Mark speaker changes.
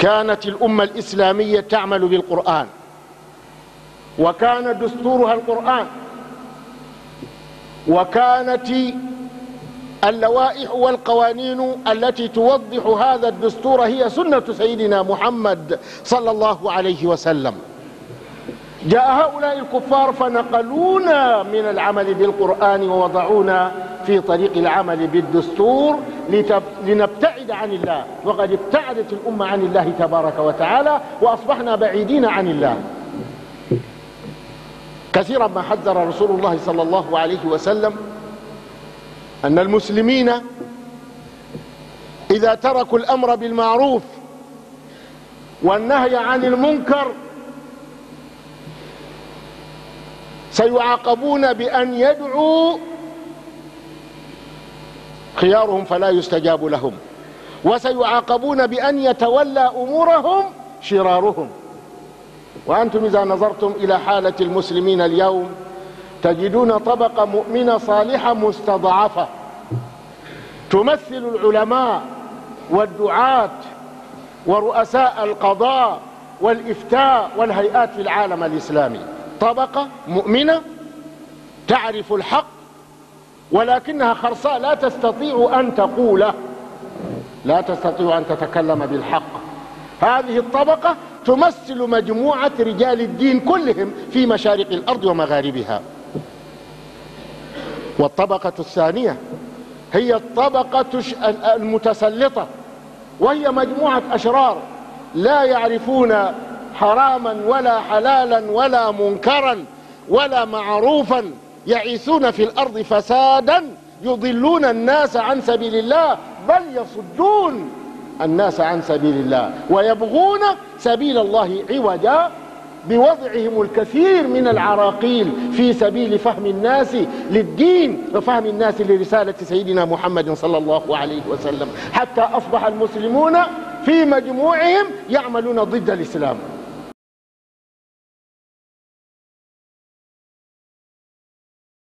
Speaker 1: كانت الأمة الإسلامية تعمل بالقرآن وكان دستورها القرآن وكانت اللوائح والقوانين التي توضح هذا الدستور هي سنة سيدنا محمد صلى الله عليه وسلم جاء هؤلاء الكفار فنقلونا من العمل بالقرآن ووضعونا في طريق العمل بالدستور لتب... لنبتعد عن الله وقد ابتعدت الأمة عن الله تبارك وتعالى وأصبحنا بعيدين عن الله كثيرا ما حذر رسول الله صلى الله عليه وسلم أن المسلمين إذا تركوا الأمر بالمعروف والنهي عن المنكر سيعاقبون بأن يدعوا خيارهم فلا يستجاب لهم وسيعاقبون بأن يتولى أمورهم شرارهم وأنتم إذا نظرتم إلى حالة المسلمين اليوم تجدون طبقة مؤمنة صالحة مستضعفة تمثل العلماء والدعاة ورؤساء القضاء والإفتاء والهيئات في العالم الإسلامي طبقة مؤمنة تعرف الحق ولكنها خرصاء لا تستطيع أن تقوله لا تستطيع أن تتكلم بالحق هذه الطبقة تمثل مجموعة رجال الدين كلهم في مشارق الأرض ومغاربها والطبقة الثانية هي الطبقة المتسلطة وهي مجموعة أشرار لا يعرفون حراما ولا حلالا ولا منكرا ولا معروفا يعيثون في الأرض فسادا يضلون الناس عن سبيل الله بل يصدون الناس عن سبيل الله ويبغون سبيل الله عوجا بوضعهم الكثير من العراقيل في سبيل فهم الناس للدين وفهم الناس لرسالة سيدنا محمد صلى الله عليه وسلم حتى أصبح المسلمون في مجموعهم يعملون ضد الإسلام